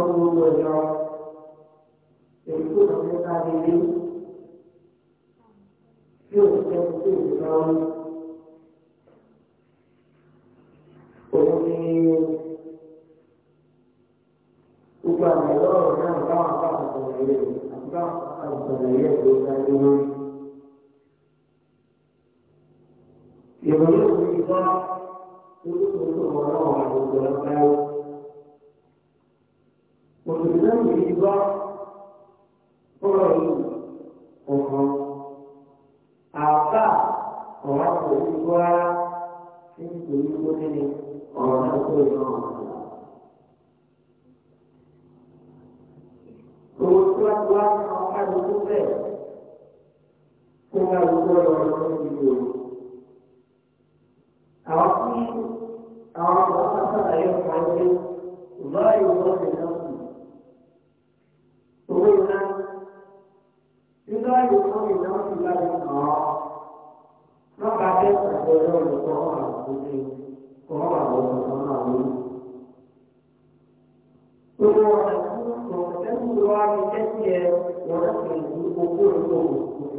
lọ́wọ́ gbogbo ẹ̀rọ èyí tó kàn fún káàdì ilé tí ò ní sẹ́kù tó ìlú lọ́wọ́. Òun ni gbogbo àwọn ẹ̀rọ ọ̀rọ̀ náà báwọn bá àwọn sọ̀rọ̀ yẹn àti bá àwọn sọ̀rọ̀ yẹn ló ń dájú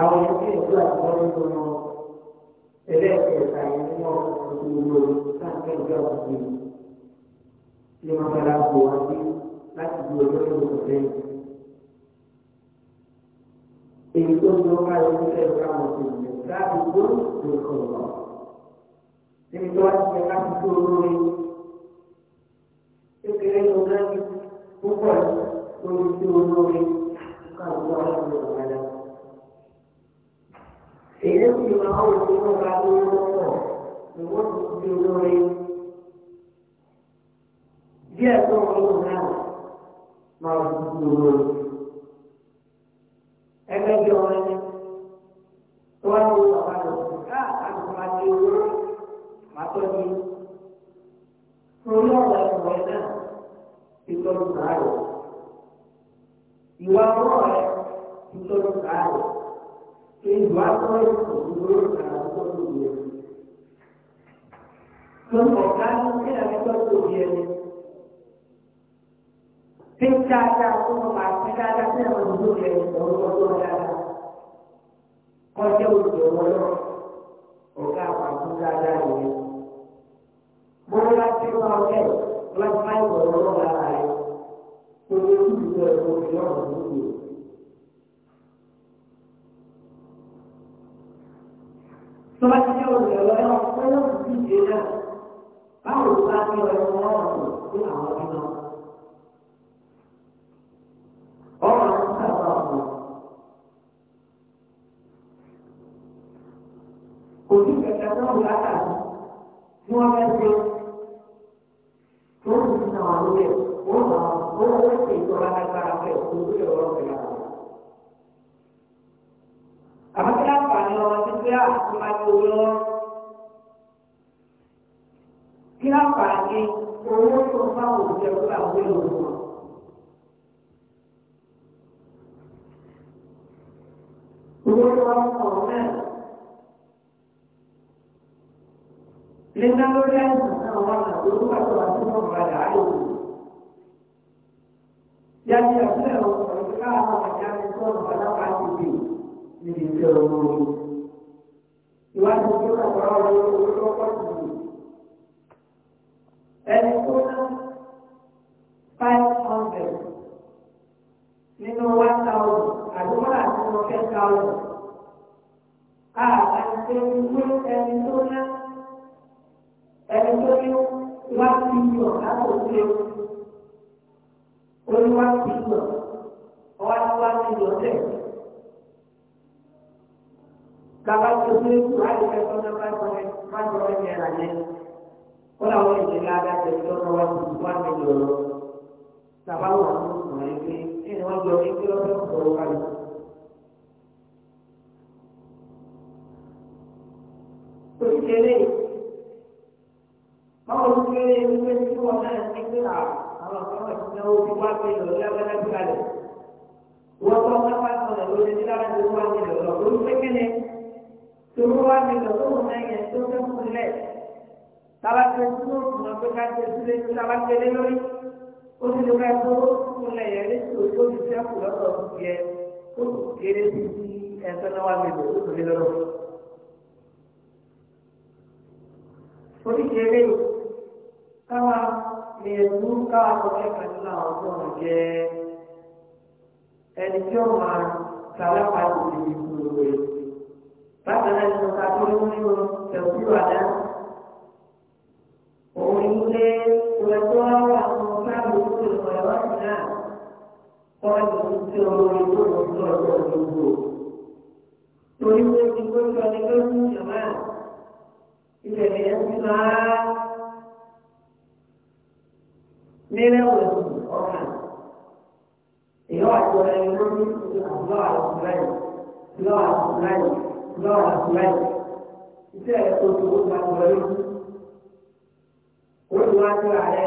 àwọn ọmọ tí ìlú àkọ́kọ́ ń lọ lọ ẹlẹ́ẹ̀kẹta yẹn ní wọn kò wúlò láti ẹgbẹ́ ọ̀gbìn ní wọn fara bò wá sí láti di ọjọ́ tó lọ sẹ́yìn. èyí tó ń lọ bá yẹn ní ẹ̀rọ àwọn ọ̀sẹ̀ láti gbó lóko lọ. níbi tó wá ti yẹ láti tó lórí kékeré ló ń gbé púpọ̀ lórí tó lórí káwọn ọmọ ọ̀sẹ̀ lọ́wọ́ èyí ń fi máa wò ó lọ́ka lówó lọ́wọ́ ni wọ́n ti fi olórí díẹ̀ tó ń lò náà máa ń fi olórí. ẹgbẹ́ bí ọmọ ẹni tó wá ní bàbá rẹ̀ ká àti bàbá ti owó máa tọ́jú torí ọ̀gá ẹ̀kọ́ ẹ̀ náà ti tọ́jú náà rẹ̀ ìwà ọ̀rọ̀ rẹ̀ ti tọ́jú náà rẹ̀ quem guarda tó ti dé ọ̀rọ̀ ẹ̀rọ ẹ̀rọ ọ̀pọ̀lọ́ ti dé náà báwo ló bá ní ọ̀rọ̀ ẹ̀rọ ọ̀rọ̀ sí àwọn ọ̀rọ̀ náà. ọ̀rọ̀ àwọn sábà ọ̀rọ̀ kò sí kẹ̀kẹ́ náà látàrí tí wọ́n fẹ́ ṣe tó ń sin àwọn olóyè ó ń bá wọn ó ń ṣe owó lọ́wọ́. Kí láǹfààní owó tó bá òjò gbà wọlé òwò. Owó tó wá kọ̀ náà. Lẹ́gbẹ́ lórí àìsàn náà wà láti orúkọ àti wà sí ọ̀rọ̀ àìsàn. Yàtí àti ẹ̀rọ ọ̀rọ̀ ká àwọn àjá ní sọ̀rọ̀ alápàá ti dì níbi tí ọ̀rọ̀ láti tó kàkọ́ àwọn olóòpọ̀ tó wù. ẹni hundred one thousand àdúgbò àti wọn ten thousand. a àti ẹni tó ẹni tó ná ẹni tó ní one billion láti kaba tó ní wàhálì kẹfọ náà bá sọ ẹ má sọ ẹ ní ẹlà yẹn ó làwọn èdè lára tẹ tó lọ wá sí wá mi lọrọ tàbá wà ní ọmọ yẹn pé ẹ ní wọn jọ ní kí lọ́dọ̀ ọ̀rọ̀ wà lọ. òṣìṣẹ́lẹ̀ báwo ló ṣe é wípé tí wọn náà ní pé àwọn ọmọ ìṣúná ó fi wá pé lọ lágbára bí kalẹ̀ wọ́n tọ́ ọ́ ká bá sọ̀rọ̀ lórí ní lára tó wá ní lọ́rọ̀ lórí pé tòun wá mi lọ lóhùn náà yẹn tó fẹ́ fún lẹ̀ tába tẹ dúró fún ọ pé ká tẹ sílé tó tába tẹ lé lórí ó ti lè ká tó fún lẹ̀ yẹn lé tó tó ti fẹ́ kù lọ́dọ̀ fún yẹ tó kù kéré sí i ẹ̀fẹ́ náà wá mi lọ tó tó lé lọ́dọ̀. oríṣi káwa lè mú káwa tó kẹ́kọ̀ọ́ nínú àwọn tó wọ́n jẹ́ ẹni tí ó máa kàwé pàtó ìdìbò rẹ̀ bákan náà nínú ká tó lóyún nínú ẹ̀wùrọ̀ àdá òun ni pé ìwé tó káàbù tó lè wọ sí náà kọ́ ìlú tí tó ọ̀dọ̀ gbogbo torí pé ti gbé sọ ní pé fún ìjọba ibẹ̀ ni ẹ ti máa nírẹ̀wẹ̀sì ọkàn èyí wà tó ẹni lórí àbúrò àwọn ọ̀gbìn lọ́wọ́ àwọn ọ̀gbìn lọ́wọ́ àtúláyé iṣẹ́ ètò ìṣòwò gba ìwọlé kú. Olú wa tó ààrẹ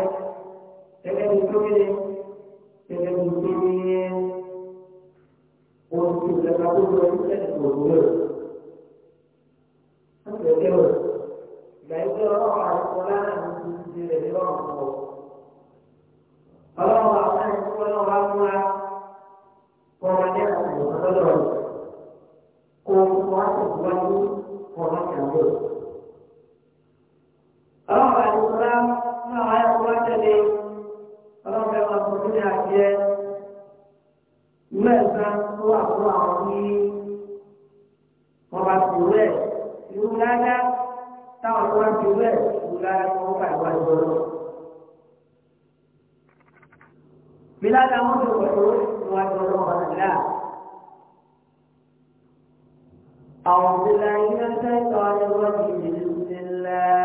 ẹlẹ́ni tó kéde ẹlẹ́ni tó kéde ohun tí ìjọba tó lọ iṣẹ́ ìṣòwò lò. Wọ́n ti ẹ̀kẹ́ wọ̀ ìgbà yìí tó ọlọ́wọ́ àrùkọ lára ní ti ti rẹ̀ lọ́wọ́. بلا دعوة الوحوش والمروءة لا أعوذ بالله من الشيطان الرجيم بسم الله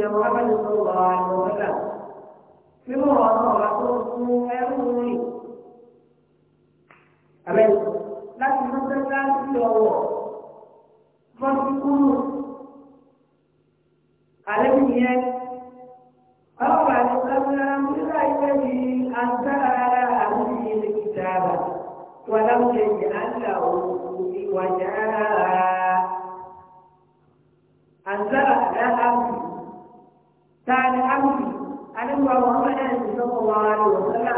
ilẹ̀ Muhammadu sọ̀rọ̀ àwọn ọ̀gá tí mo wà náà wà tó fún ẹrú rìn. Àbẹ̀yẹ̀ láti mọ́tẹ́lá sí ọwọ́ bọ́sí kúrò. Àlẹ́ nìyẹn. Ọ̀pọ̀ àti sọ́kúnlá nígbà ìfẹ́ mi àgbára àwọn ìyẹn kìtàbà wà láwùjọ ìyẹn àgbà òkú ìwà jàrá. Àgbára àgbà sáàlì ámì àdéhùn àwọn ọmọ ẹ̀ ìṣòwò wà á lò sọ́lá.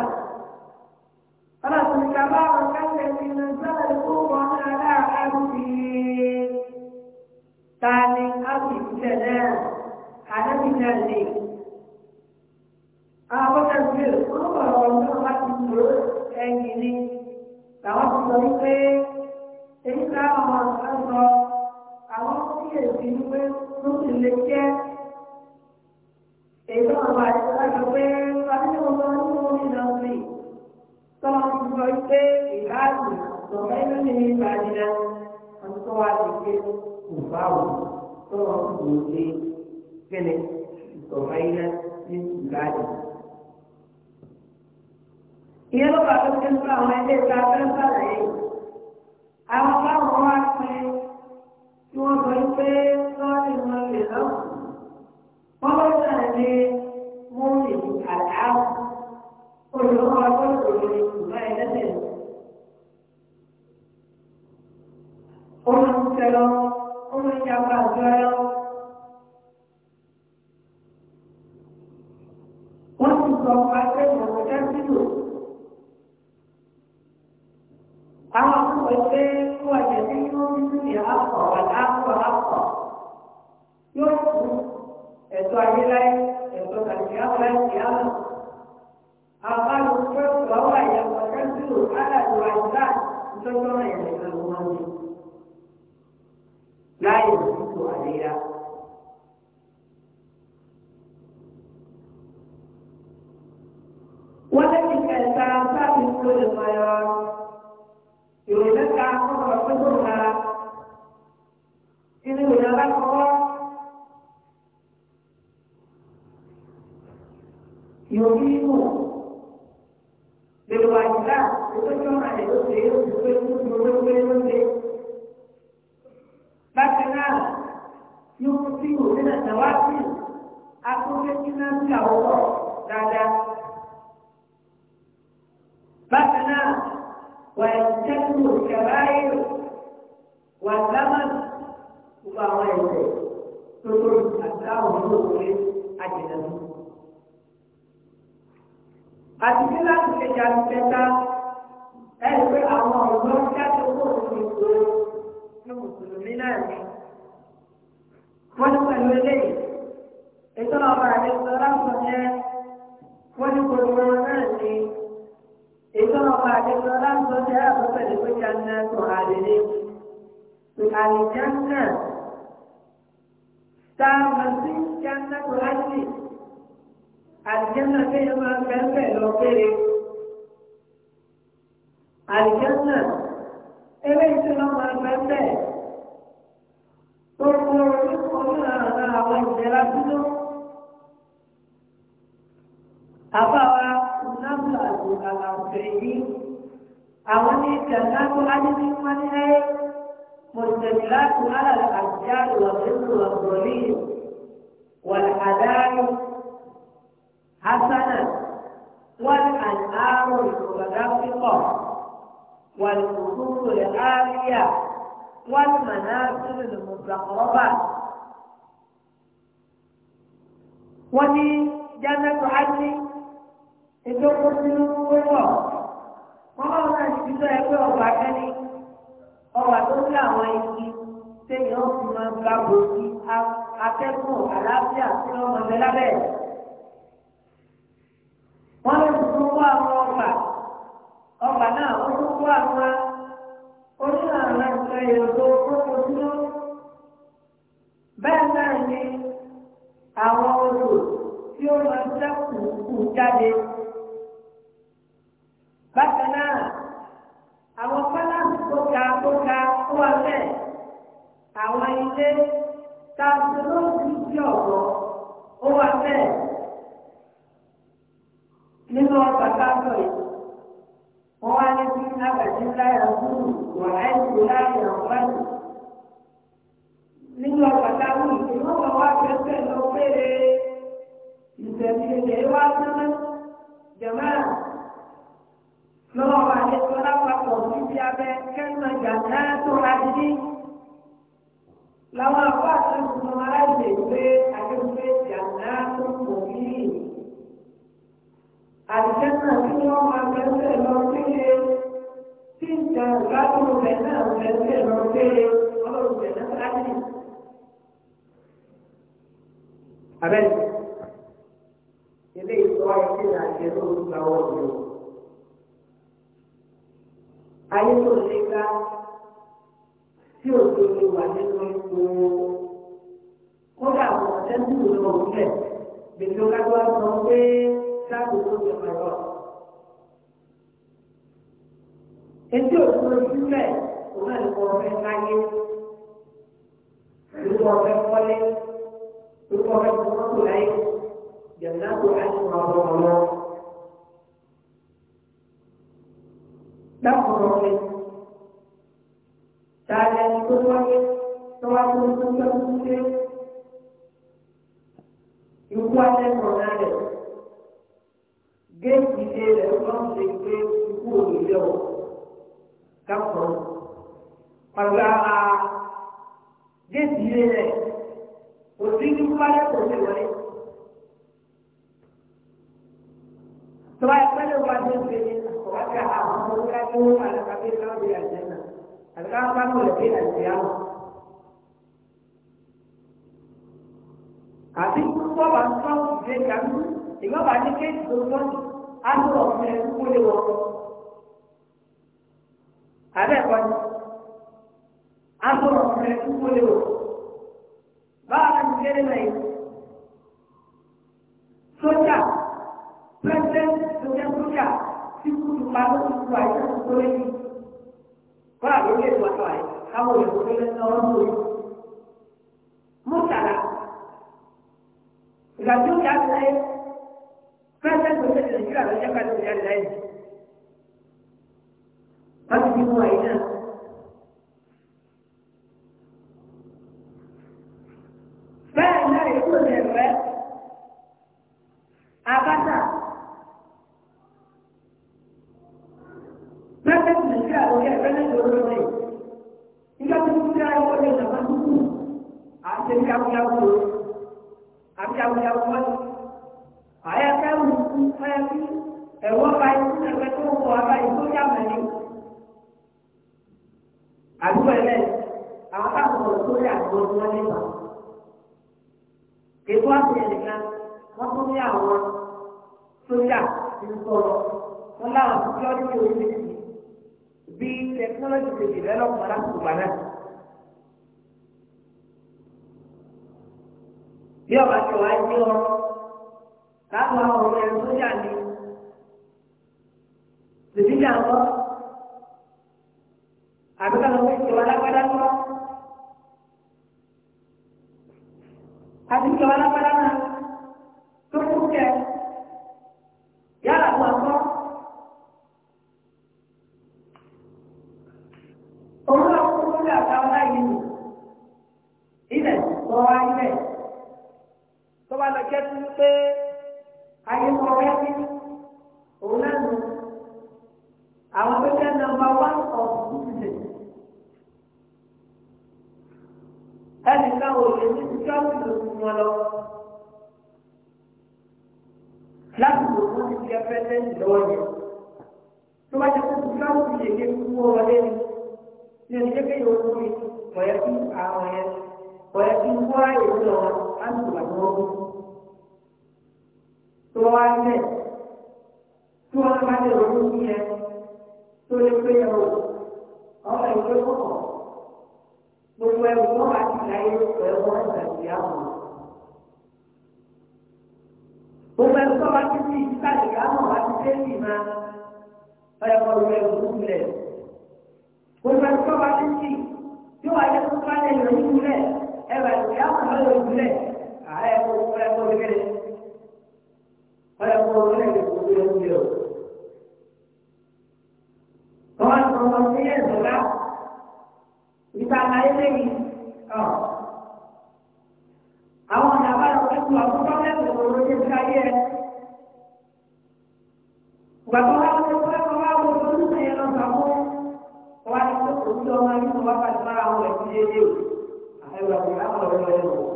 ọlọ́sìn ìjàmbá àwọn kẹ́sẹ̀ ti lọ sọ́lá ikú wọn ará ámì. sáàlì ámì ìṣẹ̀ náà àdébì náà lè. àwọn akọ́kẹ́ ìgbé orúkọ ọ̀rọ̀ náà wá ti dúró ẹ̀yìn ni làwọn ti sọ wípé èyí ká àwọn àgbà sọ àwọn kí èsì wípé ló sì lè jẹ́. Eu não àwọn àìsàn sọ pé adéjọba tó ń mú mi lọ sí tọ́lá ti sọ pé ìbáàdì tọ̀mọ́ inú mi ní ìbàdìlá àti tó wá ti pé kò bá Eu não wọ́n kò lè kẹ́lẹ̀ tọ̀mọ́ iná ní ìbàdì. ìyẹn ló bá tó ń tẹ́lẹ̀ fún àwọn ẹgbẹ́ ìta fẹ́ẹ́ àìjánná tá a mọ̀ sí jánná tó láti àìjánná kéèyàn máa bẹ́ẹ̀ lọ péré àìjánná eléyìí tó lọ́ máa bẹ́ẹ̀ tó kó oníkùnrin àwọn àwọn ìjẹ́ra dúró. Àbáwa Nàbùlà àti Àlàfẹ́ yìí àwọn ní ìjàmbá tó láti ní wọ́n ní ẹ̀yẹ́. مشتملات على الأشجار والرزق والظليل والهدايا حسنا والأنهار المتدفقة والخطوط العالية والمنازل المستقربة وفي جنة عدن إذا قلت له وما هو الشيء يقول ọwà tó ní àwọn igi téèyàn ó fi máa ń gba bòógì atẹ́gùn àlàáfíà tí wọ́n mọ̀ bẹ́ lábẹ́ ẹ̀. wọ́n lè tún kó àwọn ọgbà ọgbà náà ó tún kó àwọn onílànà ìfẹ́ èrò kókó dúró. bẹ́ẹ̀ náà ni àwọn odò tí ó máa ń dẹ́kun kù jáde. bákan náà. àwọn ilé táàbù lóògùn sí ọ̀rọ̀ ó wà bẹ́ẹ̀ nínú ọgbà káàbọ̀ yìí wọ́n wá ní bí abàjẹ́ láyà kúrú wà láìsí láyà wáyé nínú ọgbà káàbọ̀ ẹgbẹ́ lọ péré ọlọ́run bẹ̀ náà láti. Abẹ́ni, ilé ìtọ́ ẹtí náà ṣe lóru gba ọ̀rọ̀ yìí. Ayé tó lè ga tí òjò lè wà nínú ipò kódà àwọn ọ̀tẹ́ńtì lọ òwúlẹ̀ gbèsè ọ̀gájọ́ sọ pé sáàbù tó òun náà lóko ọ̀fẹ́ láyé lóko ọ̀fẹ́ kọ́lé lóko ọ̀fẹ́ kọ́kọ́ láyé jẹ̀mínà kò láti máa bọ̀ ọ̀nà. dákùnrin ọ̀fẹ́ dáadáa ni tó wáyé tó wá tó tó tó tó tó ikú atẹ́kọ̀ọ́ náà rẹ̀ géètì ilé rẹ̀ lọ́sẹ̀ pé ikú òyìnbó kápọ̀ pàrọ̀lá géètì ilé rẹ̀ kò sí ní kúbálẹ̀ kò sí wọlé. tọ́wá ìpínlẹ̀ wa ló ń gbé ọ̀wájà àwọn ọmọ orí ajé wọn wà lọ́kàbí náà bí àjẹ́ náà àti káwọn bá mọ̀lẹ́ bí àjẹ́ àwọn. àti púpọ̀ bá ń tọ́ ìgbé kanú ìgbọ́n bá ní kéèkì tó tọ́ á lọ ọ̀fẹ́ kúlé wọn. àbẹ́ ni. oferecem um olho. Vá na mulher lei. Soja. Presidente, eu tenho soja. Se tudo paga, se tudo aí, se tudo aí. Vá, eu quero a tua Calma, eu vou ver na hora do Mutará. Já viu que a lei? Presidente, você que você já o que a lei. ti tètè lẹ́lọ́pọ̀ láti gbà náà. bí ọba tí wàá jí ọ láti wá ọmọ ẹni tó jà ní tètè jà lọ àbíkà lọ sí ìjọba lágbádá lọ àbíkà lọ lágbádá lọ. káwọn lòkù wọn lọ láti lòkù ti fi ẹfẹ lẹ́yìn lọ́wọ́ yẹn tó bá jẹ kó kù káwọn ti ṣèké kú wọn lẹ́nu ní ẹni kékeré yóò kú mi wọ̀nyẹ kí àwọn yẹn wọ̀nyẹ kí wọ́n á yẹ lọ láti lòkù wọn kú tó wá lẹ̀ tó wọn bá lè yẹn tó lè pé yẹn o ọmọ ìgbé kọ̀ọ̀kan gbogbo ẹrù wọn wà sí ìlà yẹn lóko ẹrù wọn ìgbà sí àwọn gbogbo ẹrù tó wá sí sí ìdíkà ìgbà wọn wá sí déèlì máa ọyọ kọ lu ẹrù tó kulẹ gbogbo ẹrù tó wá sí sí tí wọn yẹ kó ká lẹ́yìn lórí kulẹ ẹrù àti ìyá wọn lọ lórí kulẹ ààrẹ kó ọyọ kó lórí kẹlẹ ọyọ kó lórí kẹlẹ kó lórí kẹlẹ o. Tọ́wọ́n tó ń lọ sí ẹ̀dọ́gá ìgbà àlàyé lẹ́yìn ọ̀ àwọn ọ̀nà àbáyọ pẹ̀lú àwọn pọ́lẹ́mù òru ní káyé ẹ̀ ìgbà tó wá wọlé fún ẹ̀kọ́ wá wọ olùsọ yẹn lọ sọ fún wa ní kó ọmọ yìí wọn bá ti mára wọn ẹ̀sìn déédéé o àfẹ́wà kò láwọn ọ̀rẹ́ lọ́wọ́.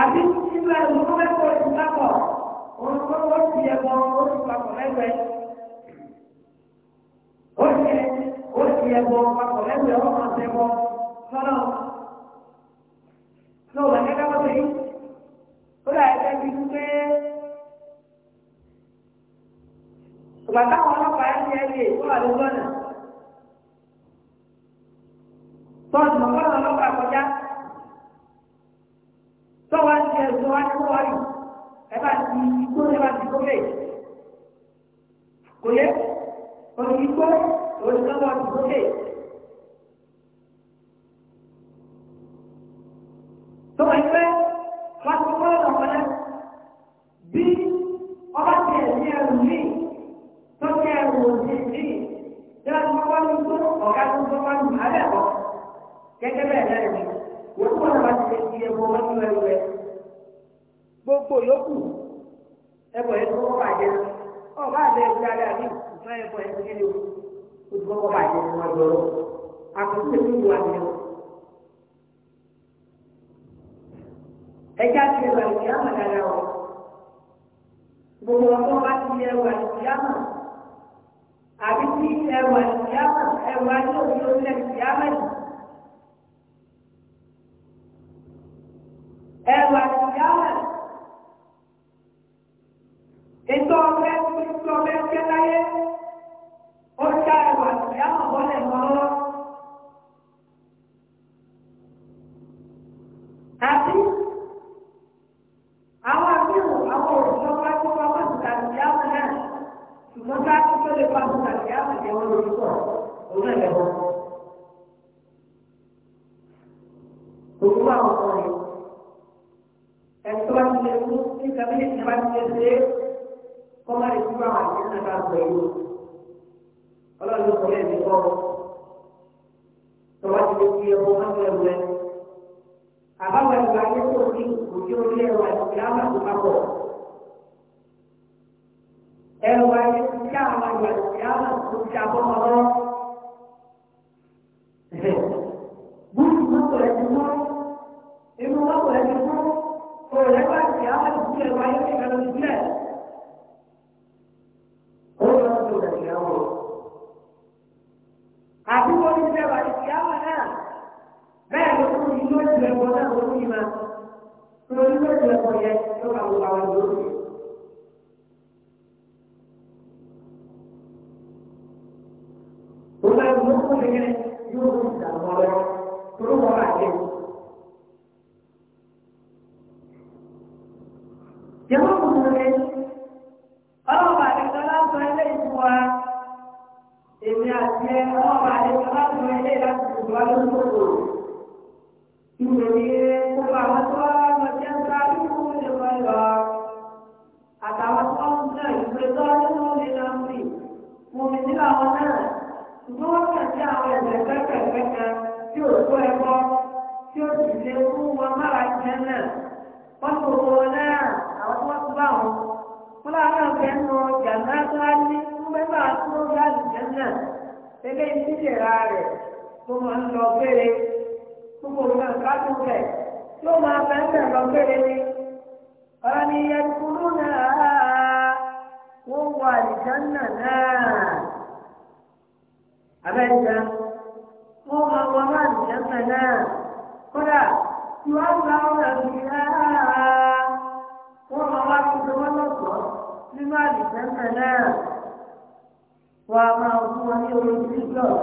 àbí nínú ẹ̀rù tó fẹ́ kó oṣù papọ̀ òun kó o ti yẹ bọ oṣù papọ̀ lẹ́gbẹ̀ẹ́ ó yẹ ó ti yẹ bọ papọ̀ lẹ́gbẹ̀ẹ́ ó máa tẹ bọ lọ́nà tó wà kẹ́kẹ́ wọ́n ti ó dà ẹgbẹ́ bí pé ìgbà táwọn ọlọ́pàá ẹ̀ ń yẹ ẹ̀ lè kó àdúgbò náà tọ́jú lè kò lè onígbó onígbàgbọ́ ti sókè. tó wáyé pé wọ́n ti kọ́ ọ̀nà kan náà bí ọba ti ẹ̀ ní ẹrù ní tó ní ẹrù òsì ní yóò ti wọ́n wọ́n tó ọ̀gá tó tó wọ́n ní alẹ́ gẹ́gẹ́ bẹ́ẹ̀ náà ni wọ́n kọ́ ọ̀nà kan ti ṣe iye wọn wọ́n rẹ̀ gbogbo yòókù ẹbọ yẹn tó kọ́ bàjẹ́ ọ bá bẹ ẹgbẹ́ alẹ́ àbí ìfẹ́ ẹbọ yẹn ti kéde o tó kọ́ bàjẹ́ ní wọn jọ lọ àkùnfẹ́ tó wù àbí ọ. ẹja ti ẹwà ìdí àmà dada ọ gbogbo ọkọ wa ti ẹwà ìdí àmà àbí ti ẹwà ìdí àmà ẹwà ní òbí orílẹ̀ ìdí àmà yìí. ẹwà ìdí àmà ètò ọ̀fẹ́ tó ọ̀fẹ́ ṣe láyé ó ṣá ẹwà ìyáwó bọ́lẹ̀ mọ́ lọ́wọ́. àti àwọn àbíwò àwọn òṣìṣẹ́ bá tó bá bá ti tàbí ìyáwó náà ṣùgbọ́n bá tó tó lè bá ti tàbí ìyáwó ìyẹn wọn lórí pọ̀ òun náà lẹ́wọ́. òkú àwọn ọmọ rẹ̀ ẹ̀tọ́ bá ti lè mú ní kàbí ìjọba ti lè ṣe é kẹta sọ yìí ọlọ́run ló sọlẹ̀ ní kọ́ tọ́wọ́ ti lè fi ẹ̀rọ wọn lé ẹ̀rọ ẹ̀ àbáwọ̀ ẹ̀rọ ayé tó ní òjò orí ẹ̀rọ àti àwọn àti papọ̀ ẹ̀rọ ayé tó ní àwọn àti àwọn àti àbọ̀ ọ̀rọ̀. good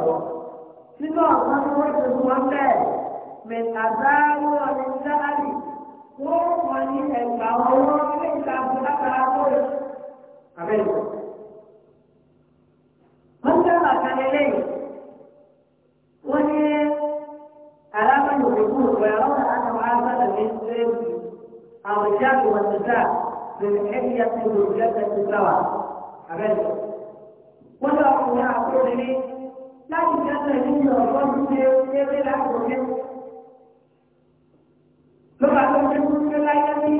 lọ́wọ́ nínú àwọn tí wọ́n ti mú wọn bẹ́ẹ̀ mẹ̀tàdáwó ọ̀nẹ́dáàlì wọ́n kọ́ ní ẹ̀gbà owó ní ìtàkùn látara tó yẹ. àbẹ́yẹ. wọ́n sábà kan eléyìí wọ́n ní alábàáyé òkú ìwé ọ̀rọ̀ àtàwọn agbára ní ìsirẹ́lì àwọn ìjáde wọn ti dá lórí ẹ̀yà tí ìlú ìjọba ti gbà wá. àbẹ́yẹ. wọ́n lọ kùnrin àkórí láti dáná ìlú ọ̀gbọ́n tó ṣe kéré lákòókè. lọ́ba tó ṣe kú ṣe láyé ní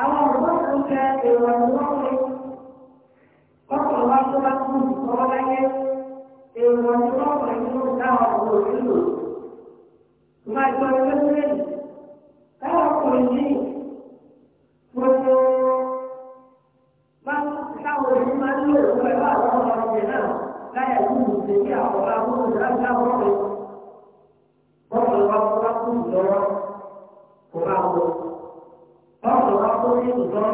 àwọn ọ̀gbọ́n tó ṣe èrò ọ̀gbọ́n rẹ̀ kọ́kọ́ wá tó bá kú ìkọ́ láyé èrò ọ̀gbọ́n rẹ̀ ló dá ọ̀gbọ́n rẹ̀ lò. ìdílé àwọn agbóhùn láti àwọn ọ̀rẹ́ bọ́ọ̀lù wa kó wá kó ìjọba kó bá wọ bọ́ọ̀lù wa kó ní ìjọba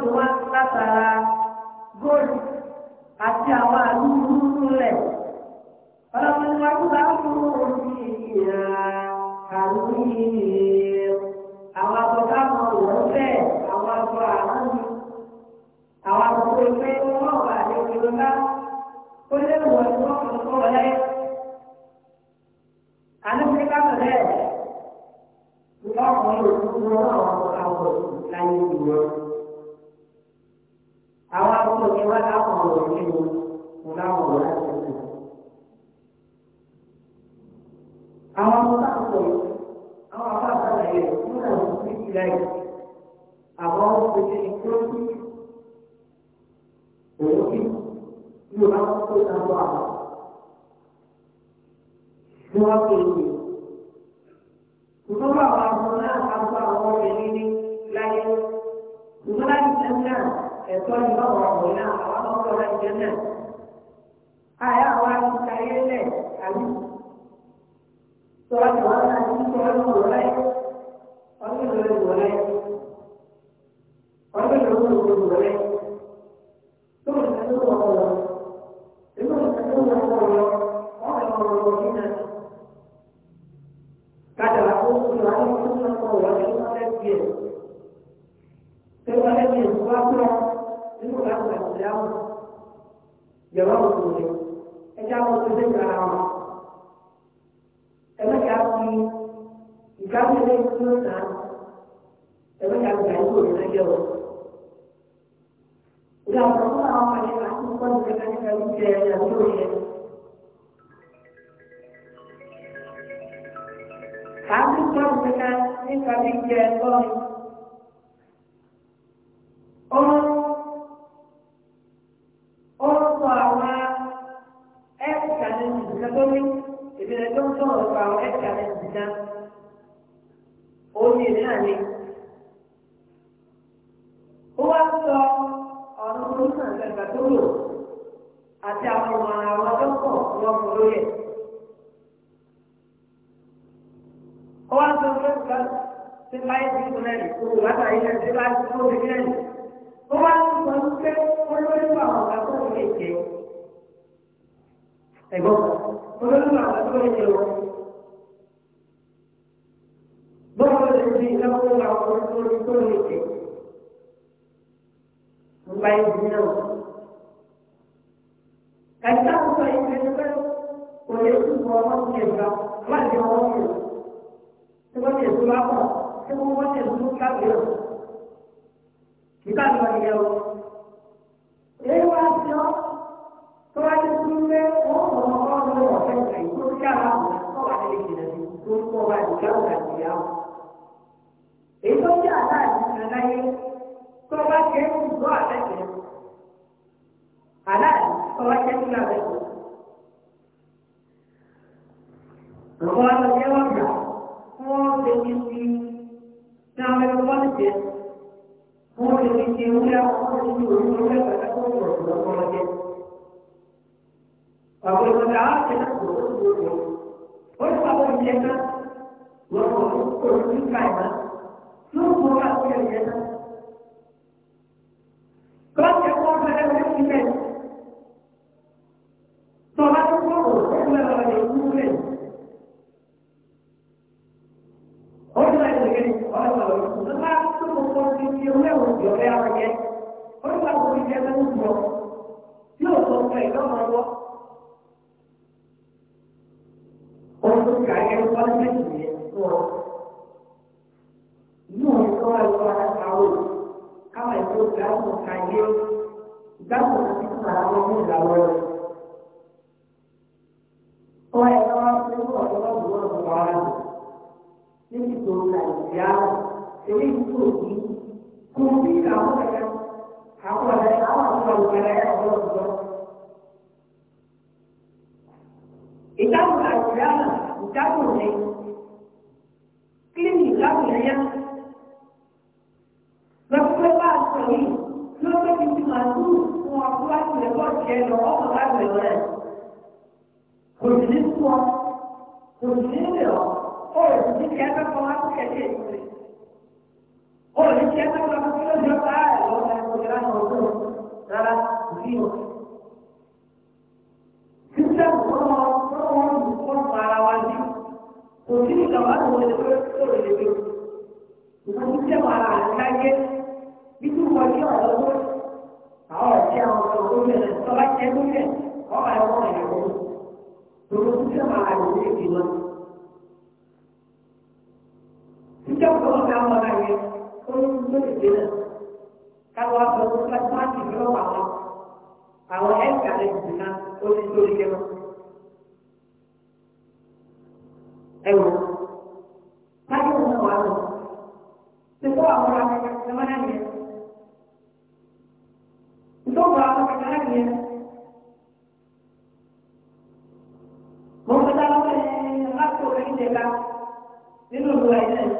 tó wá látara obìnrin ní láyé ṣùgbọ́n láti jẹ́ náà ẹ̀tọ́ ni báwọn ọmọ náà àwọn ọmọ náà jẹ́ náà. jẹ ẹ̀kọ́ back to the end. ti ewúrẹ́ wọn ti ọ̀rẹ́ ara yẹn wọ́n nígbà tó ti jẹ́ lẹ́nu lọ sọ fún ẹ̀ lọ́mọ lọ. wọ́n tó kà á yẹn wọ́n lé yẹn fún ọ. inú òun tó wà lọ́wọ́ àtàwọ̀ káwọn ètò ìdáhùn ká yé ìdáhùn ti fún àwọn ọmọ ìdáwọ́ rẹ̀. wọ́n yẹ kí wọ́n fi ń bọ̀ lọ́wọ́ ìwọ̀n ìwọ̀n ara rẹ̀ níbi tó ń ta ìdí àwọn èyí tó kù àwọn ọ̀rẹ́ àwọn ọ̀rẹ́ àwọn ọ̀rẹ́ àwọn ọ̀rẹ́ who I am.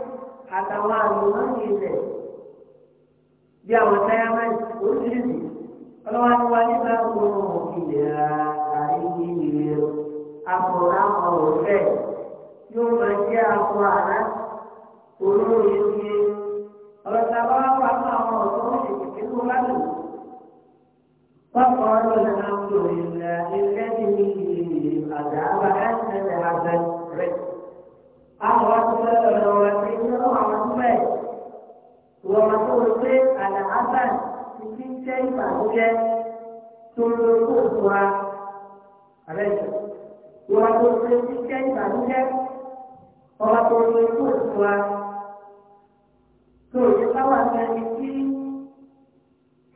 àtàwọn àlùmọ́ọ́nì ilẹ̀ bí àwọn táyámẹ́tì oríṣiríṣi ọlọ́wọ́ ni wọ́n ní bá gbọ́dọ̀ ilẹ̀ àárín ilẹ̀ akọ̀rọ̀ akọ̀rọ̀ rẹ̀ yóò máa jẹ́ akọ àná olóore ní ọlọ́ta bá wà fún àwọn ọ̀dọ́ ìṣèkèké tó bá lò wọ́n kọ́ ọ́ lọ́nà àbúrò ilẹ̀ ilẹ̀ ti ní ilẹ̀ àgbà àbáyé àti ẹ̀dẹ̀ àgbà rẹ̀. àwọn wá sí lọ́dọ̀ lọ́wọ́ sí wọ́n máa tó wọn pé àlàáfà ti jẹ́ ìbànújẹ́ tó ń lo kó ìtura wọ́n máa tó pé ti jẹ́ ìbànújẹ́ ọba tó ń lo kó ìtura tó ìjẹ́ káwá sẹ́ni tí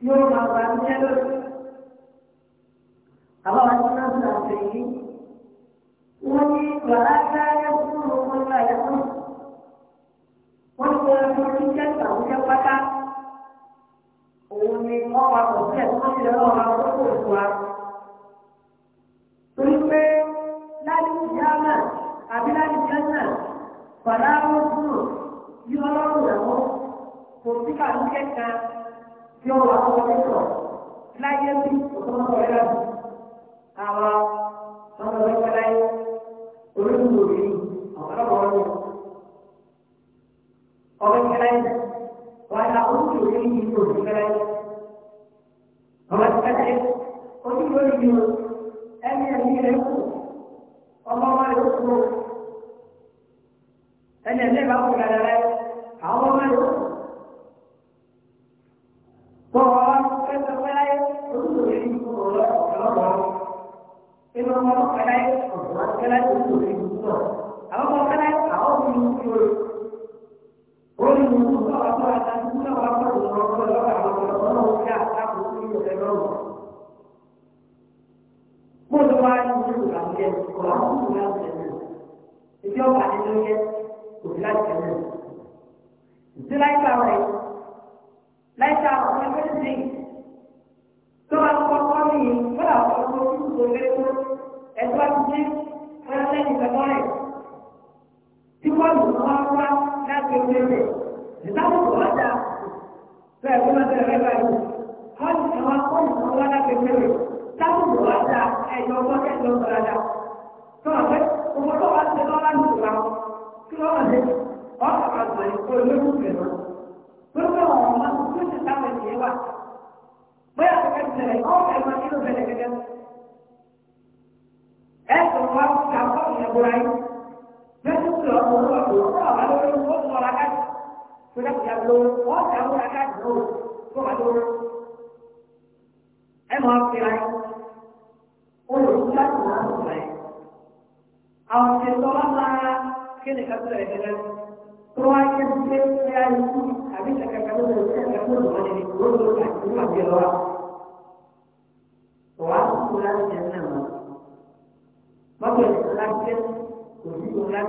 yóò máa bá ń jẹ́ lórí. àbá wa ti àṣẹ yìí. wọ́n ní wàhálà yẹn fún òun kọ́ńtà yẹn fún. wọ́n ní wọ́n ti jẹ́ òun ni wọ́n máa pọ̀ sí ẹ̀kọ́ sílẹ̀ náà máa tó kò tó wa. torí pé láti yáàmà àbí láti jẹ́nà bàdá ló dúró yí ọlọ́run ìyàwó kò sí kàlú kẹ́kẹ́ tí ó wà lọ́wọ́ nítọ̀ láyé bí òtúmọ̀tò rẹ̀ àwọn ọmọ ìwé pẹ́láyé orí ìwòye ọ̀pọ̀lọpọ̀ ọdún. your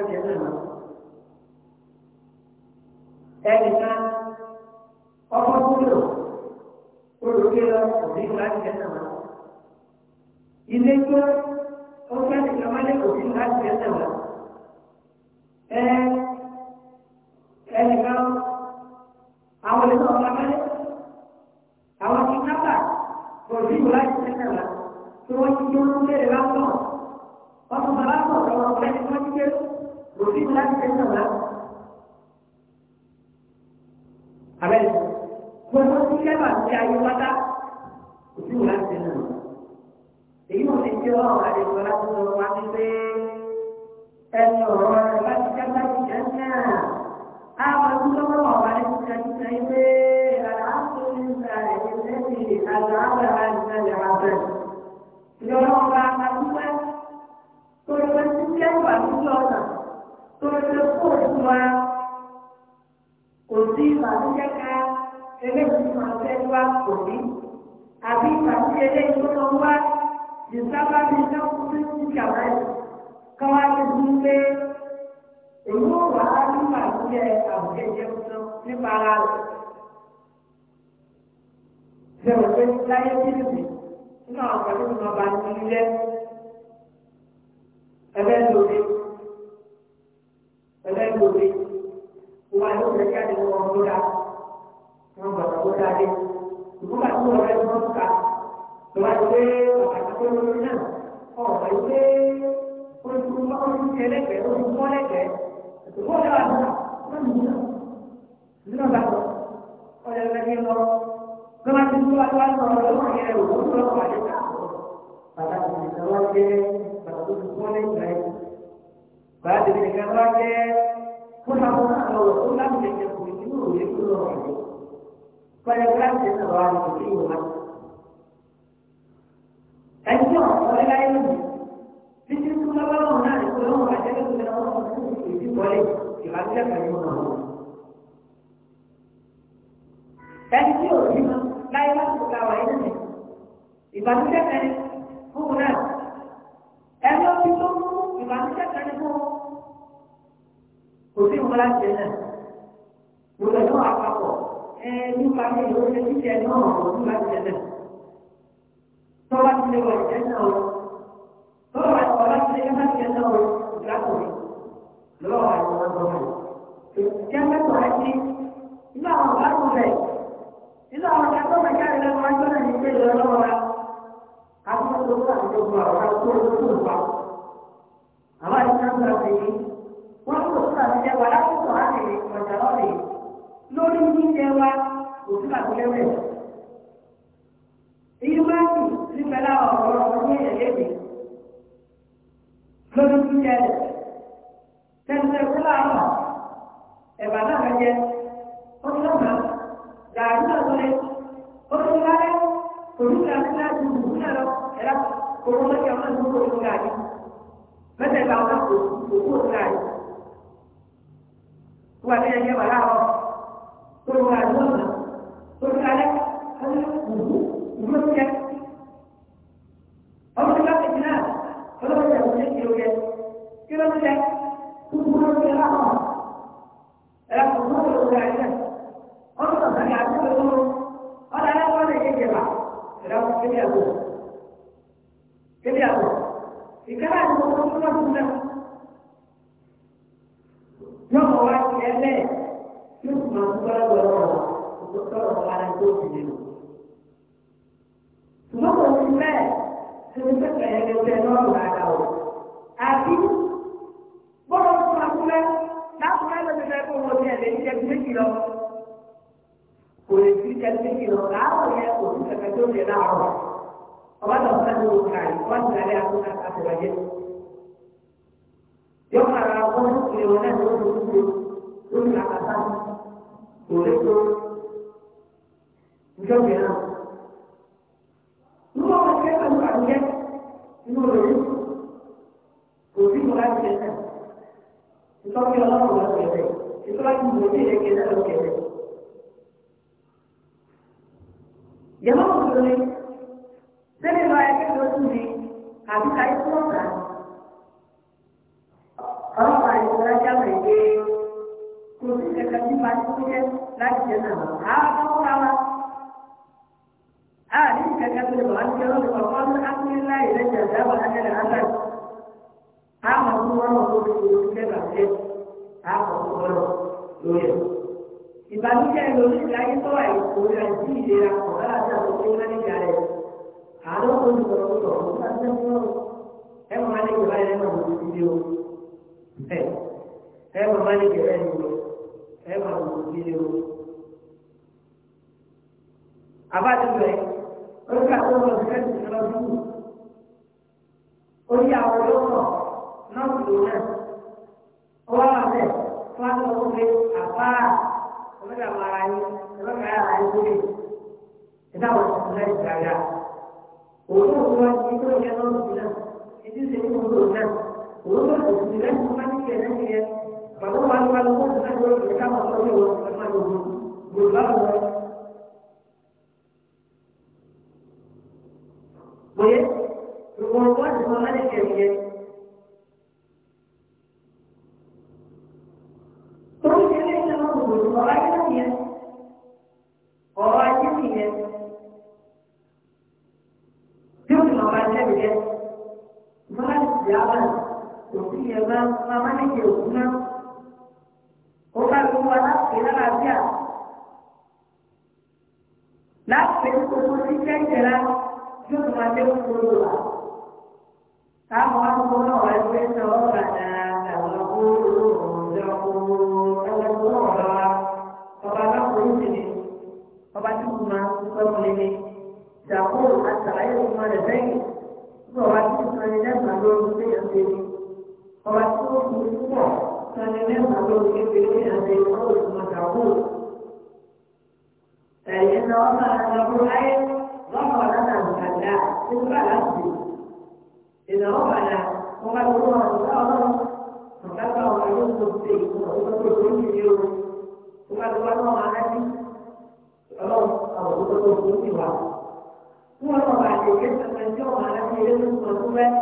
jẹ náà ẹnìkan ọkọ kúrò olùkí lọ òbí láti jẹ náà ilé tó ó fẹ́ nìkan wọlé òbí láti jẹ náà ẹ ẹnìkan àwọn olè náà wọlé àwọn ti kápá òbí láti jẹ náà tí wọ́n ti tó ń bẹ̀rẹ̀ lásán wọ́n tún bá lásán lọ́wọ́ ọ̀rẹ́ ni wọ́n ti gbé lọ lórí láti tẹ̀sán náà. Àbẹ̀ gbogbo tí kẹ́bà ti ayé pátá òbí wò láti tẹ̀sán náà. Èyí wọn lè jẹ́ ọ̀rọ̀ àdéhùn láti sọ̀rọ̀ wá sí pé ẹni ọ̀rọ̀ rẹ̀ láti kẹ́bà ti jẹ́ náà. Àwọn ọdún lọ́wọ́ ọ̀rọ̀ àdéhùn ti jẹ́ tó kó fún wa kò sí ìbànújẹ́ ká eléyìí máa fẹ́ wá kò ní àbí ìbànújẹ́ eléyìí tó lọ wá lè sábà ní sáfù tó ti kàwé káwá lè dún pé èyí ó wà á ní ìbànújẹ́ àwùjẹ ìjẹun náà nípa ara rẹ̀. Bẹ̀rẹ̀ pé láyé bíbí nínú àwọn ọ̀pọ̀lọpọ̀ ọba ní ilé ẹgbẹ́ lórí ẹlẹ́gbẹ̀ẹ́ wọn ló fẹ́ jáde wọn tó dáa wọn bàtà tó dáa dé ìfún bàtà tó rẹ wọn kà lọ́wọ́ ti pé bàtà tó rẹ náà ọ̀rọ̀ yìí pé olùkọ́ bá wọn ti ẹlẹ́gbẹ̀ẹ́ olùkọ́ lẹ́gbẹ̀ẹ́ ìfún bàtà wà lọ́wọ́ wọn nìyí náà nínú bàtà ọ̀rẹ́ lẹ́gbẹ̀ẹ́ lọ lọ́wọ́ ti tó wájú wájú ọ̀rọ̀ lọ́wọ́ yẹn rẹ̀ òkú lọ́wọ́ àyè bàtà tó rẹ bàtà tó rẹ بعد الإجابات كل ما لو كل ما يكون يقول يقول فلكان تنظر فيهما اليوم ولا يوم تجد كل ما هنا يقولون عجلة من الله يجيب عليه يعجل عيونه اليوم لا يمسك عينه ìbànújẹ́ kan ní fún un náà ẹgbẹ́ òfin tó mú ìbànújẹ́ kan ní fún un kò sí láti jẹ náà ìwọ́n náà àpapọ̀ ẹ nípa ní ìwọ́n ṣe jíjẹ náà ọ̀hún láti jẹ náà tọ́ bá ti lè wọ̀ jẹ náà o tọ́ bá ti wọ̀ láti lè láti jẹ náà o ìgbàgbọ́ mi lọ́wọ́ àwọn ọmọ ọmọ rẹ̀ ìjẹ́ mẹ́tọ̀ rẹ̀ sí nínú àwọn ọ̀gágun rẹ̀ nínú àwọn ọ̀gágun rẹ̀ jáde lẹ́nu wájú náà ní ilé ìlú ọlọ́wọ́ wa àti ọ̀gágun rẹ̀ tó gbọ́ àwọn ọ̀gágun tó ń bá àwọn wọ́n kò sí àtúnṣe wa lákòókò láti lè kọjá lọ́rẹ̀ lórí jíjẹ wa kò sí àtúnṣe èyí máa ń sì nípa láwọn ọ̀rọ̀ ọ̀rọ̀ ní èdè léde lórí jíjẹ rẹ̀ tẹ̀síṣẹ́ fún láàmà ẹ̀bà náà fẹ́ jẹ ó ti lọ́nà gàrí náà wọlé ó ti lálẹ́ kò ní ìlànà وبعدين اجيب على عرب قل هو عدونا قل عليك هل يمكن أو تلاقي الجناس فلو يجب أن يجب كما تلاقي كل مرة في الأعراض لكن مرة الأولى عندنا أصلا أن يعتبر الأمر قال أنا وأنا يجب لكن كم يقول كم يقول في كلام الرسول صلى الله عليه وسلم máa ń dúpẹ́ lọ́wọ́ ọ̀rọ̀ òkú sọ̀rọ̀ ọ̀la ní tó ti lè lò. ṣùgbọ́n kò sí bẹ́ẹ̀ tí mo fẹ́ fẹ́ ẹni ọjọ́ ẹ̀rọ ọ̀rọ̀ o. àbí bọ́lá tó máa kú lẹ́ lákùnrin ló ti fẹ́ kó wọ́n ti ẹ̀lẹ́ ìjẹ́ méjì lọ. kò lè fi ìjẹ́ méjì lọ ń sáré wo kàrí wọ́n Doleto. Nǹkan mìíràn. Nínú àwọn akẹ́kọ̀ọ́ àwọn àwùjẹ́ inú rẹ̀ kò sí mo láti ṣe náà. Ìtọ́jú ọlọ́run lọ kẹ̀lẹ́. Ìtọ́jú mo sì lè kẹ̀lẹ́ lọ kẹ̀lẹ́. Yàrá òṣèlú sẹ́lẹ̀ lọ ẹgbẹ́ lọ́sùn mi àbíkáyé tó wọ́n kà á. lakini baadhi lakini sana hapo kama ah ni kaka kwa watu wa kwa alhamdulillah ile jazawa ajala hasan hapo kwa watu wa kwa hapo kwa ndio ìbànújẹ́ lórí ìdáyé tó wà ìkórè àti ìlera kọ láti àkókò ńlá níjà rẹ àádọ́ olùsọ̀rọ̀ sọ̀rọ̀ nípa tí wọ́n rọ ẹ mọ̀ máa ní ìjọba ẹ̀rẹ́ náà lórí ìdílé o ẹ mọ̀ máa ní ìjọba ẹ̀rẹ́ náà ẹ máa wò ó bí o. àbájọ rẹ orúkọ àwọn ọmọ ìfẹ́ ti lọ sí wù. orí àwọn olóòtọ̀ náà kò lò náà. ọwọ́ àwọn àbẹ̀ fún àtọ́wọ́ pé àbá ọmọdé àwọn ara yín ọlọ́kà ara yín kúrè. ẹ̀dá wọn ti lọ ìgbàgbà. òun ò wọ́n ti tó ìyẹn lọ́dún náà. ìdí ìṣèlú òun lò náà. òun lọ́dún ìṣèlú lẹ́yìn tó bá ní ìṣẹ̀lẹ̀ فهو أن يكون نحن كما صلوا نحن بالغرب ويقولون ما هذا الكلمة تقول كلمة نقول قواعد كلمة قواعد كلمة كل ما بعد كلمة ما هذا الجواب وفي ما ما ما نكتب àlàáfíà láti ní gbogbo títí ẹ̀jẹ̀ra yóò tó máa dé gbogbo wa káwọn àdúgbò náà wà lórí ẹsẹ̀ ọ̀rọ̀ àdá àwọn ọkùnrin ọ̀rọ̀ ọ̀rọ̀ ọ̀rọ̀ ọ̀rọ̀ ọba aláwọ̀ ìṣẹ̀lẹ̀ ọba tí kò máa ń pẹ́ wọlé ní ìdàkó àtàlàyé tó máa rẹ̀ lẹ́yìn ọba tí kò máa ń lẹ́gbàá lórí ṣẹ́yẹ̀ ọba tí ó kù púpọ̀ sani mẹ́ta ló ti fi ní àti ìfọwọ́ ìfọ̀mọ̀tà kù. ẹ̀yin náà wọ́n máa ń lọ láyé lọ́kọ̀ náà àgbàdá nígbà láti ìnáwó padà wọ́n bá tó wọn ọ̀gá ọlọ́run ọ̀gá tó àwọn ọmọ yóò tó ṣe ìfọ̀mọ̀ tó tó tó ń ṣe o wọ́n bá tó wọn náà wọn á ní ọlọ́run àwọn tó tó tó ń ṣe wà. wọ́n lọ bá àti ìgbésẹ̀ pẹ̀lú tí wọ́n á ní ilé tó ń sọ fún bẹ́ẹ̀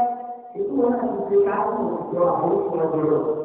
ìkú wọn náà ti ṣe káàkiri ìjọ àwọn ìfọ̀mọ̀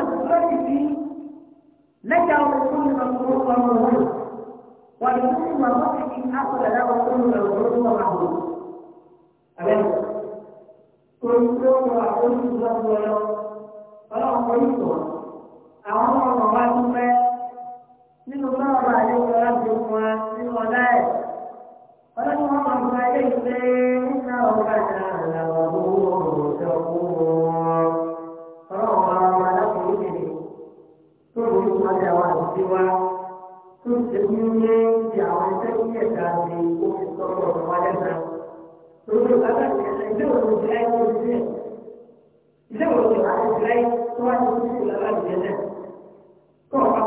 نجا الرسول مغرور ومغرور ولكل مضحك حصل له كل الغرور ومغرور أبدا كل يوم وأقول الله ولو فلا أقول àwọn ọmọ wa dúpẹ́ nínú náà wà ní ọlá tó fún wa nínú ọlá ẹ̀. ọlọ́dún wọn máa gba ilé ìgbé nínú àwọn ọba ìdáná àwọn ọmọ owó ọmọ tó ń lu padà wà lójú wa tó ń ṣe ní ilé ti àwọn ẹgbẹ́ ní ẹ̀ka ni ó fi sọ́kọ̀ ọ̀rọ̀ wa lẹ́sẹ̀. Lórí bàbá ìṣẹ̀lẹ̀ ìṣẹ̀lẹ̀ òun ti láyé ló ti lẹ̀. Ìṣẹ̀lẹ̀ òun ti láyé tó wá ní ojú ìlànà ìṣẹ̀lẹ̀. Kọ́ ọ̀pá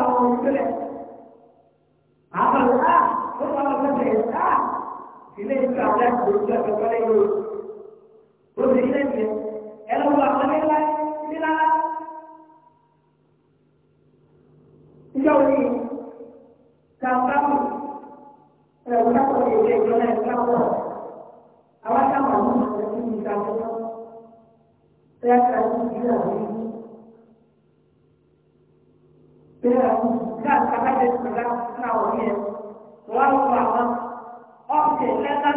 àwọn ohun sílẹ̀. Àbàlù á ó bá wọn sẹ́sẹ̀ á ilé ìtura ọ̀la ìgbòho ẹ̀fẹ̀ wọlé yóò. bẹ́ẹ̀ ọ̀hún ká àkàtàkì ìgbàgbà náà yẹn wọ́n tó tẹ̀lé àwọn ọ̀gá ọ̀gá lọ. tó tó lẹ́sẹ̀ ká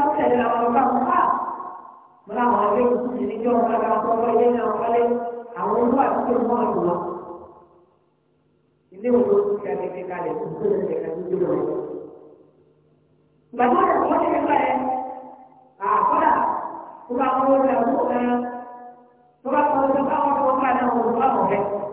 tó lọ. gbàgbọ́ rẹ̀ wọ́n ti kẹ́kọ̀ọ́ yẹn àkọ́dà bá kọ́ ọ́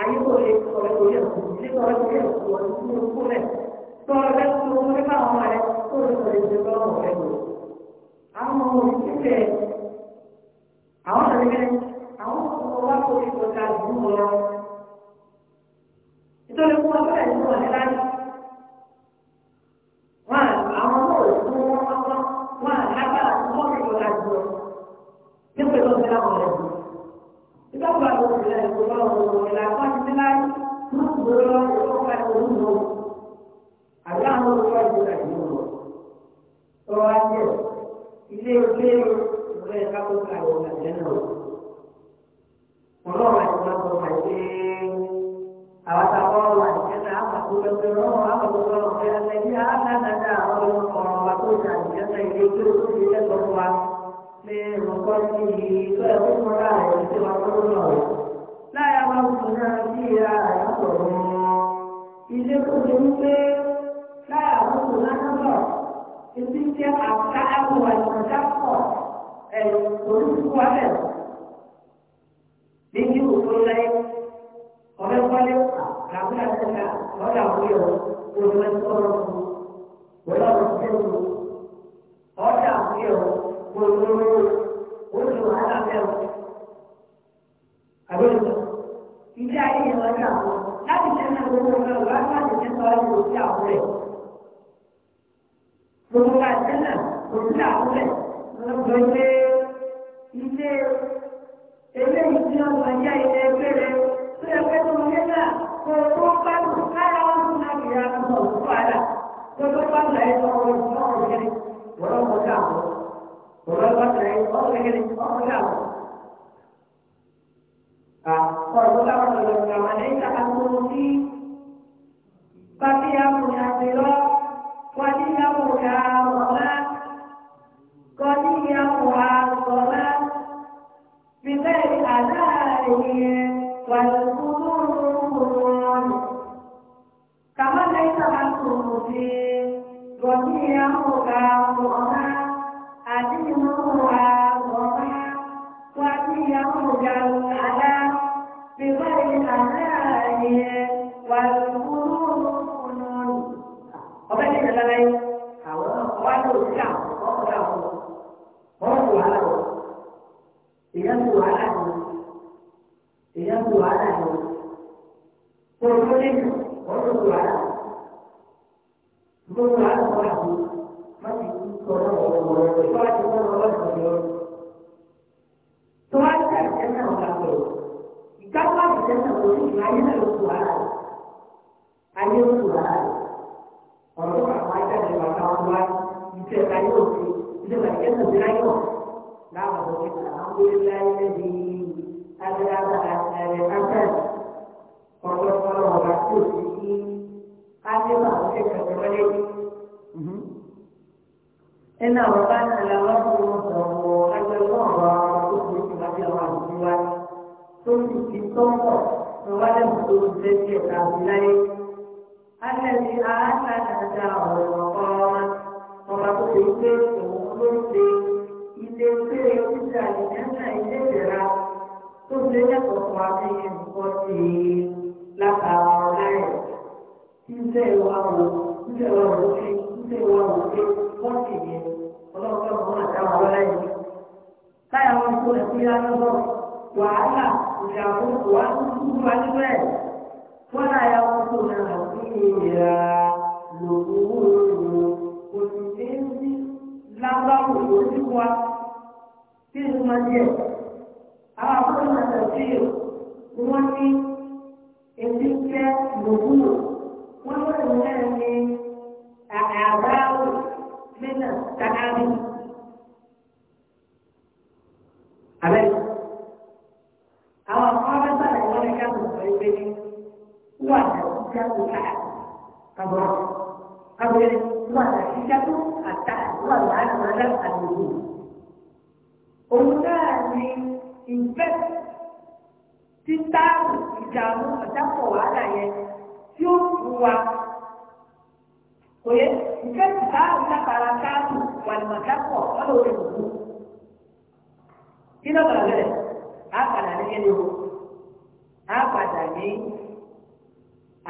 ayé kò lè sọ̀rọ̀ lórí ẹ̀kọ́ ní sọ̀rọ̀ lórí ẹ̀kọ́ ní orúkọ rẹ̀ sọ̀rọ̀ bẹ́ẹ̀ tó lọ́wọ́ nípa àwọn rẹ̀ tó lè sọ̀rọ̀ lórí ẹ̀kọ́ ọ̀rọ̀ rẹ̀ lò. àwọn ọmọ òṣìṣẹ́ àwọn ọ̀rẹ́ àwọn ọmọ wa kò lè sọ̀rọ̀ lórí ẹ̀kọ́ Zero, zero, non è capo caro, la gente non. Ono la cosa come se avata parola che era ma tu non te lo ha ma tu non te la sei ya na na na ono con la cosa che era il tuo tu ti ha trovato le non conti tu è un morale che va con noi la ya ma tu non ti ha ya to il tuo tu la ya ma tu non ha ìdí jẹ́ àká àwọn àìsànká pọ̀ ẹ̀rù olùkú wa bẹ̀rù. Níbi òkú láyé, ọ̀rẹ́ wọlé àbúrò àtẹ̀ká lọ́dà wúyọ̀ olùwẹ̀ sọ̀rọ̀ mu, wọ́lá òṣìṣẹ́ mu, ọ̀dà wúyọ̀ olùwẹ̀ oṣù alábẹ́rù. Àbúrò ìdí ayé yẹn lọ́dà wọn láti tẹ́lẹ̀ owó ọ̀gá ọ̀gá láti tẹ́lẹ̀ ọ̀gá òṣìṣẹ́ àwọn gbogbo wa sẹ́nà òun là ń lẹ̀ ilé eléyìí tí wọ́n máa yá ilé ẹgbẹ́ rẹ̀ tó yẹ pé tó ń náà kó tó bá tó wọn tó máa yẹ ara tó ń tó ara tó tó bá tó yẹ tó ń tó ọ̀rọ̀ yẹn wọ́n mọ̀ ká wọ́n wọ́n bá tó yẹ ọ̀rọ̀ yẹn ọ̀rọ̀ ká wọ́n. Kalau kita berdoa, kita akan mengundi. Tapi yang punya يقها الظلام قد يقها الظلام بغير أذانه والله هي نبوة وهو من أعضاء من التعامل عليه أو قال مثلا وأنا كان مصيبني وأنا كان متعب قد رأى wa oye nke taa nakara kaatu walima kakɔ ɔlɔ wɛrɛ buku ina ba wɛrɛ a kana ne kɛ ne wo a bada ne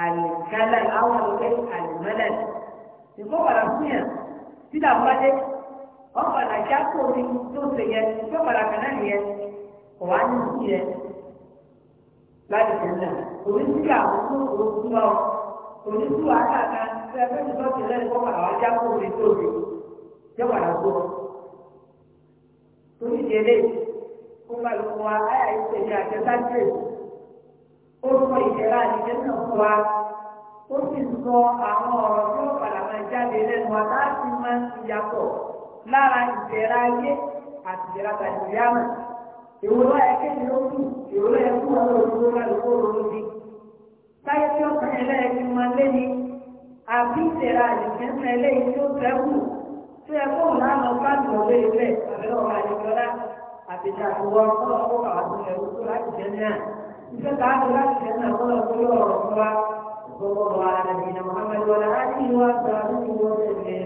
alikala awa lɛ kɛ alimɛlɛ nko bara fiya sida òní tú àkàkà ṣe ẹgbẹ́ mi sọ́ọ̀tì lẹ́nu kọ́ padà wájú àpò òní tóbi jẹ́ padà kó o. torí ìdílé kó bá lọ wá ayà ìṣèlú àjẹsájú ó sọ ìṣẹ̀lá àdìjẹ́ náà fún wa ó sì sọ àwọn ọ̀rọ̀ tí ó padà máa jáde lẹ́nu wa láti máa ń yàtọ̀ lára ìṣẹ̀lá ayé àti ìṣẹ̀lá tàbí ìyá náà. ìwúrọ̀ ẹ̀kẹ́ ni ó kù ìwúrọ̀ ẹ̀kú ọ̀rọ̀ òṣèlú táyé tí ọkùnrin ẹlẹ́yìn máa lé ní àbí ìtẹ̀ra àdìsẹ́ ń tẹ̀lé tí ó fẹ́kù tí ẹ fóun náà lọ bá lọ lé ilẹ̀ àbẹ̀rẹ̀ ọ̀rọ̀ àdìsọ́lá àtẹ̀jẹ́ àtiwọ́ ọlọ́kọ́ àwọn ẹ̀rú tó láti jẹ́ náà ìfẹ́ tààtò láti jẹ́ náà ọlọ́kọ́ yóò rọ̀ fún wa gbogbo ọ̀rọ̀ àdàbìnà Muhammadu ọ̀là á